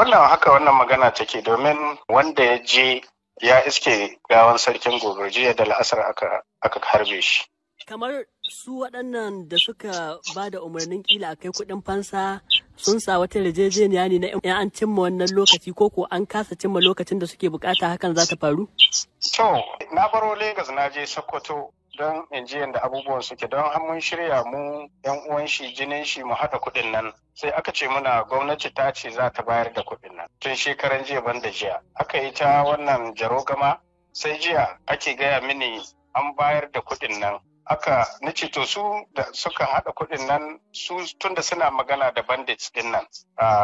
wannan haka wannan magana take domin wanda ya je ya iske gawan sarkin gobe jiya da la'asar aka harbe shi kamar su waɗannan da suka ba da umarnin kila a kai kuɗin fansa sun sa wata yarjejeniya ne na in an cimma wannan lokaci ko ko an kasa cimma lokacin da suke bukata hakan za ta faru? To, na baro Legas na je Sokoto don in ji yadda abubuwan suke don an mun shirya mu yan uwan shi jinin shi mu haɗa kuɗin nan sai aka ce muna gwamnati ta ce za ta bayar da kuɗin nan tun shekaran jiya ban da jiya aka yi ta wannan jarogama sai jiya ake gaya mini an bayar da kuɗin nan aka nace to su da suka haɗa kuɗin nan su tunda suna magana da bandits din nan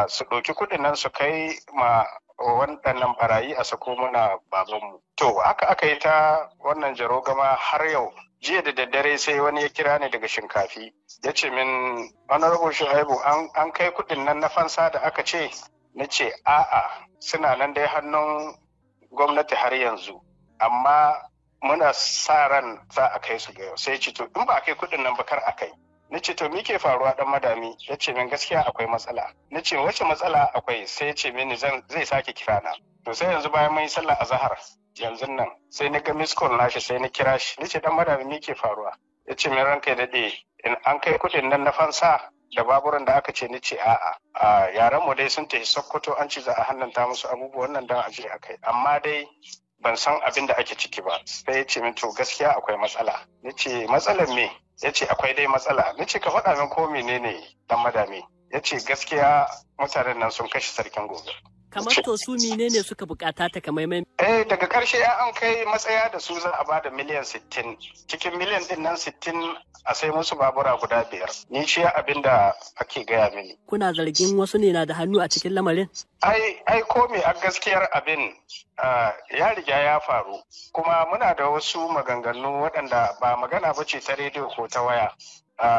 su ɗauki kuɗin nan su kai ma wannan barayi a sako muna babanmu to aka aka yi ta wannan jarogama har yau jiya da daddare sai wani ya kira ni daga shinkafi ya ce min honorable shu'aibu an kai kudin nan na fansa da aka ce na ce a'a suna nan dai hannun gwamnati har yanzu amma muna sa ran za a kai su ga yau sai ce to in ba a kai kudin nan ba kar a kai na ce to me ke faruwa dan madami ya ce min gaskiya akwai matsala na ce wace matsala akwai sai ya ce mini zai sake kira na to sai yanzu bayan mun yi sallah azhar yanzu nan sai na ga miss na nashi sai na kira shi nace dan madami me ke faruwa ya ce min ranka ya dade in an kai kuɗin nan na fansa da baburan da aka ce ni ce a'a a yaran mu dai sun tafi sokoto an ciza za a hannanta musu abubuwan nan dan aje kai, amma dai ban san abin da ake ciki ba sai ya ce min to gaskiya akwai matsala Ya ce matsalar me ya ce akwai dai matsala na ce ka faɗa min ko menene dan madami ya ce gaskiya mutanen nan sun kashe sarkin gobe kamar to su menene suka bukata ta mai eh daga karshe an kai matsaya da su za a bada miliyan 60 cikin miliyan din nan 60 a sai musu babura guda biyar ni shi abin da ake gaya mini kuna zargin wasu ne na da hannu a cikin lamarin ai ai ko me a gaskiyar abin ya riga ya faru kuma muna da wasu maganganu waɗanda ba magana ba ce ta rediyo ko ta waya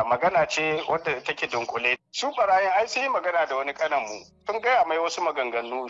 magana ce wadda take dunkule su barayin ai sai magana da wani kanan mu sun gaya mai wasu maganganu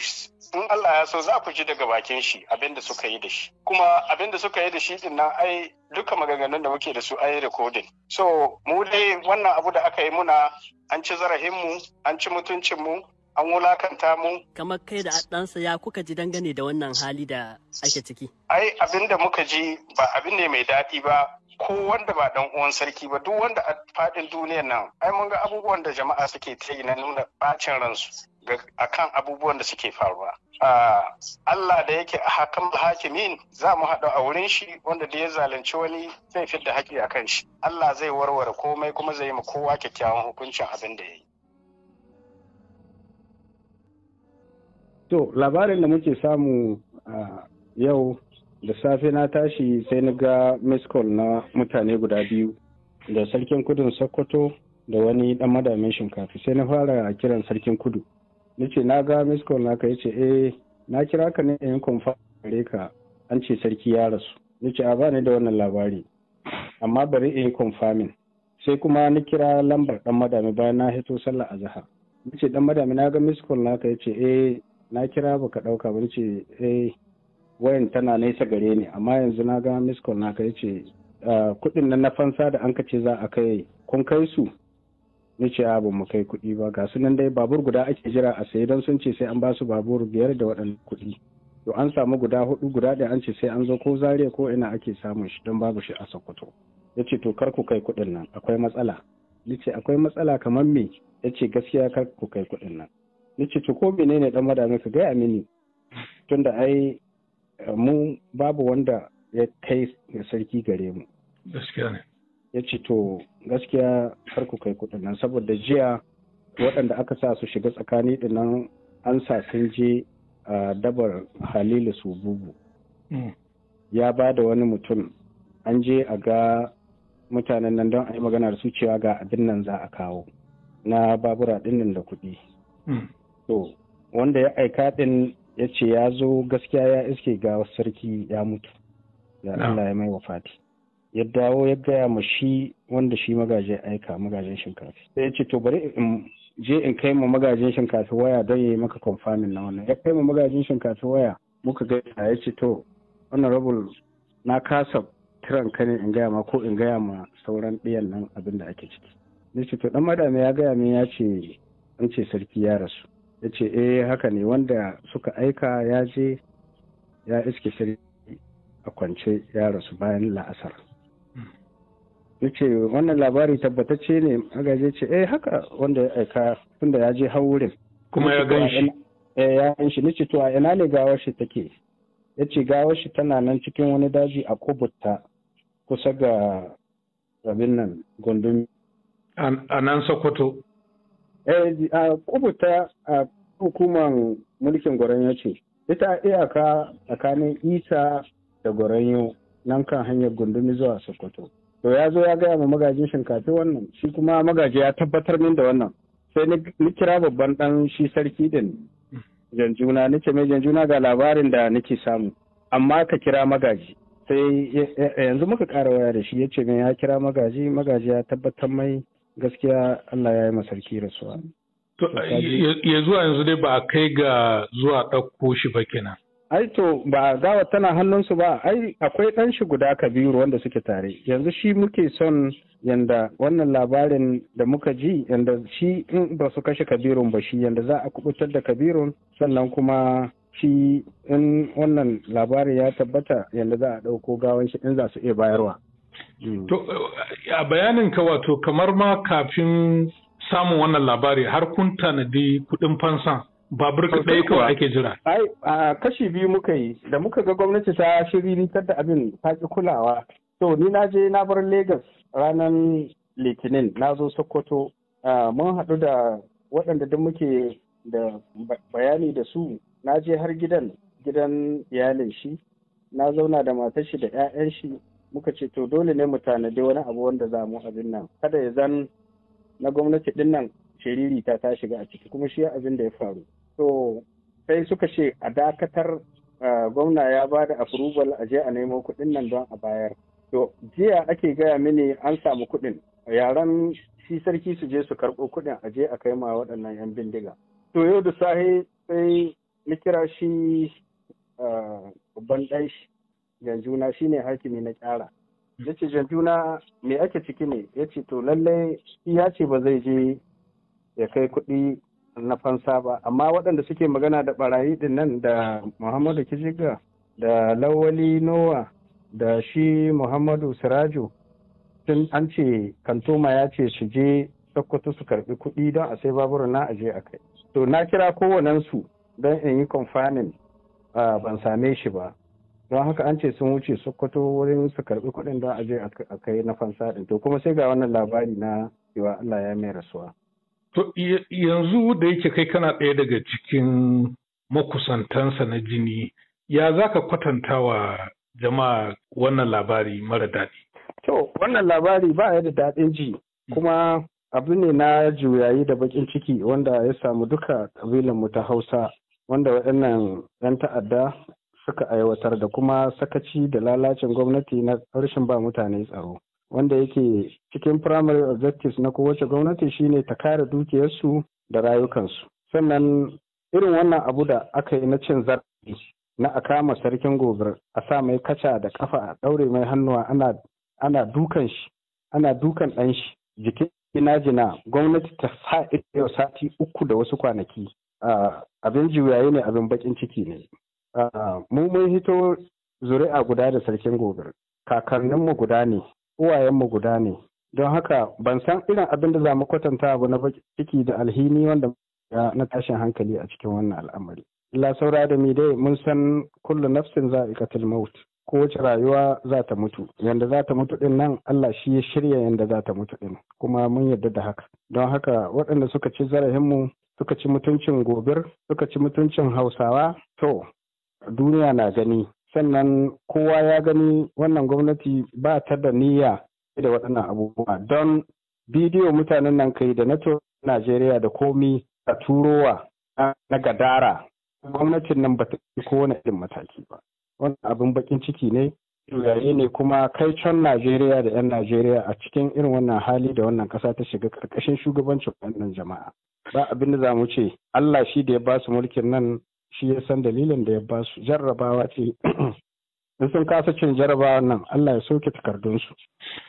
in Allah ya so za ku ji daga bakin shi abinda suka yi da shi kuma abinda suka yi da shi din nan ai duka maganganun da muke da su ai recording so mu dai wannan abu da aka yi muna an ci mu an ci mutuncinmu an wulakanta mu kamar kai da ɗansa ya kuka ji dangane da wannan hali da ake ciki ai abinda muka ji ba abin ne mai daɗi ba ko wanda ba dan uwan sarki ba duk wanda a fadin duniyar nan ai mun ga abubuwan da jama'a suke ta na nuna bacin ransu akan abubuwan da suke faruwa Allah da yake a hakan hakimin za mu haɗu a wurin shi wanda da ya zalunci wani zai da haƙi a kan shi Allah zai warware komai kuma zai yi ma kowa kyakkyawan hukuncin abin da ya yi To labarin da muke samu yau da safe na tashi sai na ga miskol na mutane guda biyu da sarkin kudin sokoto da wani dan madamin shinkafa sai na fara kiran sarkin kudu na ce na ga miskol ka ya ce eh na kira ka ne in kumfa gare ka an ce sarki ya rasu na ce a bani da wannan labari amma bari in confirming sai kuma na kira lambar dan madami bayan na hito sallah azhar na ce dan madami na ga miskol ka ya ce eh na kira baka dauka ba ce eh wayan tana nesa gare ni amma yanzu na ga miss na kai ce ah, kuɗin nan na fansa da an ce za a kai kun kai su ni ce ah, ba mu kai kuɗi ba ga sunan dai babur guda ake jira a sayi don sun ce sai an ba su babur biyar da waɗannan kuɗi to an samu guda hudu guda ɗaya an ce sai an zo ko zariya ko ina ake samun shi don babu shi a sokoto ya ce to kar ku kai kuɗin nan akwai matsala ni ce akwai matsala kamar me ya ce gaskiya kar ku kai kuɗin nan ni ce to ko menene dan madami ka gaya mini tunda ai mu babu wanda ya kai ga sarki gare mu gaskiya ne ya ce to gaskiya har ku kai kuɗin nan saboda jiya waɗanda aka sa su shiga tsakani dinnan an sa sun je a dabar halilu su bubu mm. ya ba da wani mutum an je a ga mutanen nan don a yi magana da su cewa ga abin nan za a kawo na babura dinnan da kuɗi mm. to wanda ya aika ɗin ya ce ya zo gaskiya ya iske ga sarki ya mutu da Allah ya mai wafati ya dawo ya gaya ma shi wanda shi magaje aika magajin shinkafi sai ya ce to bari in je in kai ma magajin shinkafi waya don ya yi maka confirming na wannan ya kai ma magajin shinkafi waya muka gaya. ya ce to rabul na kasa kiran ka ne in gaya ma ko in gaya ma sauran ɗiyan nan abin da ake ciki. ya ce to dan madame ya gaya min ya ce an ce sarki ya rasu. ya ce eh haka ne wanda suka aika ya je ya iske shiri a kwance ya rasu bayan la'asar ya ce wannan labari tabbatacce ne agaje ce eh haka wanda ya aika tunda ya je haurin kuma ya gan shi eh ya gan shi nace to a ina ne gawar shi take ya ce gawar shi tana nan cikin wani daji a kubuta kusa ga rabin nan gundun a nan sokoto Eh, a kubuta a hukumar mulkin gwaranyo ce ita iyaka tsakanin isa da gwaranyo nan kan hanyar gundumi zuwa sokoto to ya zo ya gaya ma magajin shinkafi wannan shi kuma magaji ya tabbatar min da wannan sai ni kira babban dan shi sarki din janjuna ni ce mai janjuna ga labarin da nake samu amma ka kira magaji sai yanzu muka kara waya da shi ya ce mai ya kira magaji magaji ya tabbatar mai gaskiya Allah ya yi masarki rasuwa. ya zuwa yanzu dai ba a kai ga zuwa ɗauko shi ba kenan. Ai to ba gawa tana hannunsu ba ai akwai ɗan shi guda kabiru wanda suke tare yanzu shi muke son yanda wannan labarin da muka ji yanda shi in ba su kashe kabirun ba shi yanda za a kubutar da kabirun sannan kuma shi in wannan labarin ya tabbata yanda za a ɗauko gawan shi in za su iya bayarwa. Hmm. To, eh, a bayaninka wato kamar ma kafin samun wannan labari har kun tanadi kuɗin fansan babur ɗaya kawai ake jira. Ai, a kashi biyu muka yi da muka ga gwamnati ta shiri da abin ta ki kulawa. To, ni na je na bar Legas ranar Litinin na zo Sokoto. Mun haɗu da waɗanda duk muke da bayani da su na je har gidan gidan iyalin shi na zauna da matar shi da 'ya'yan shi muka ce to dole ne mu tanadi wani abu wanda za mu abin nan kada ya zan na gwamnati din nan shiriri ta ta shiga a ciki kuma shi abin da ya faru to sai suka ce a dakatar gwamna ya ba da approval a je a nemo kuɗin nan don a bayar to jiya ake gaya mini an samu kuɗin yaran shi sarki su je su karɓo kuɗin a je a kai ma waɗannan 'yan bindiga to yau da sahi sai na kira shi babban ɗan shi janjuna shine hakimi na kyara hmm. ya ce janjuna me ake ciki ne ya ce to lallai ya ce ba zai je ya kai kuɗi na fansa ba amma waɗanda suke magana da barayi din nan da muhammadu kijiga da lawali nowa da shi muhammadu siraju sun an ce kantoma ya ce su je sokoto su karɓi kuɗi don a sai babura na aje a kai to na kira kowanensu don in yi confirming ah, ban same shi ba don haka an ce sun wuce sokoto wurin su karbi kudin don aje a kai na fansa din to kuma sai ga wannan labari na cewa Allah ya mai rasuwa. To yanzu da yake kai kana ɗaya daga cikin makusantansa na jini ya za ka kwatanta wa jama'a wannan labari mara daɗi? To wannan labari ba ya da daɗin ji mm. kuma abu ne na juyayi da bakin ciki wanda ya samu duka ƙabilanmu ta Hausa wanda waɗannan 'yan ta'adda suka aiwatar da kuma sakaci da lalacin gwamnati na rashin ba mutane tsaro wanda yake cikin primary objectives na kowace gwamnati shine ta kare dukiyarsu da rayukansu sannan irin wannan abu da aka yi na cin zarafi na a kama sarkin gobar a sa mai kaca da kafa a daure mai hannuwa ana dukan shi ana dukan ɗan shi jikin ina jina gwamnati ta sa yau sati uku da wasu kwanaki ah, abin juyayi ne abin bakin ciki ne Ah, mu mun hito zuri'a guda da sarkin gobe kakanninmu guda ne uwayenmu guda ne don haka ban san irin abin da za mu kwatanta abu na ciki da alhini wanda na tashin hankali a cikin wannan al'amari illa saura da mi dai mun san kullu nafsin za a maut kowace rayuwa za ta mutu yanda za ta mutu din nan Allah shi ya shirya yanda za ta mutu din kuma mun yarda da haka don haka waɗanda suka ci mu suka ci mutuncin gobir suka ci mutuncin hausawa to duniya na gani sannan kowa ya gani wannan gwamnati ba ta da niyya da waɗannan abubuwa don bidiyo mutanen nan kai da na najeriya da komi a turowa na gadara gwamnatin nan ba ta ko wani irin mataki ba wannan abin bakin ciki ne yayi ne kuma kai can najeriya da 'yan najeriya a cikin irin wannan hali da wannan kasa ta shiga karkashin shugabancin wannan jama'a ba abin da za mu ce allah shi da ya ba su mulkin nan shi ya san dalilin da ya ba su jarrabawa ce in sun kasa cin jarrabawa nan Allah ya soke takardunsu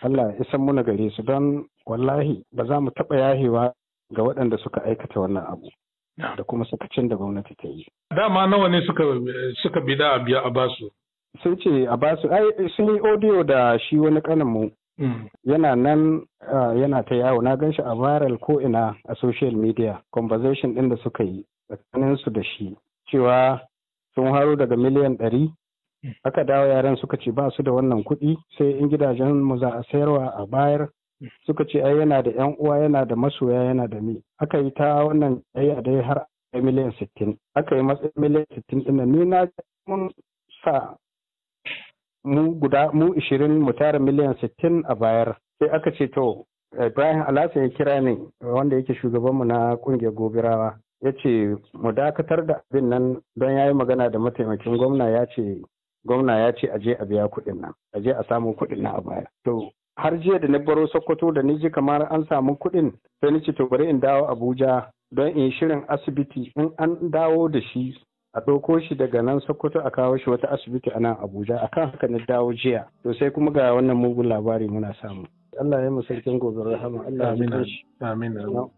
Allah ya san muna gare su don wallahi ba za mu taɓa yahewa ga waɗanda suka aikata wannan abu da kuma sakacin da gwamnati ta yi. Dama nawa ne suka suka bida a biya a basu? Sun ce a basu ai sun yi audio da shi wani kanin mu hmm. yana nan yana ta yawo na ganshi a viral ko ina a social media conversation din da suka yi tsakanin su da shi cewa sun haro daga miliyan ɗari hmm. aka dawo yaran suka ce ba su da wannan kuɗi sai in gidajen mu za a sayarwa a bayar hmm. suka ce ai yana da yan uwa yana da masoya yana da mi aka yi ta wannan ɗaya dai har a miliyan sittin aka yi matsayin miliyan sittin ɗin ni na mun sa mu guda mu ishirin mu tara miliyan sittin a bayar sai aka ce to Ibrahim Alhassan ya kira ni wanda yake shugabanmu na kungiyar gobirawa ya ce mu dakatar da abin nan don ya yi magana da mataimakin gwamna ya ce gwamna ya ce aje a biya kuɗin nan aje a samu kuɗin nan a baya to har jiya da na baro sokoto da ni ji kamar an samu kuɗin sai ni ce to bari in dawo abuja don in shirin asibiti in an dawo da shi a ɗauko shi daga nan sokoto a kawo shi wata asibiti a nan abuja kan haka na dawo jiya to sai kuma ga wannan mugun labari muna samu Allah ya musarkin gobe rahama Allah ya amin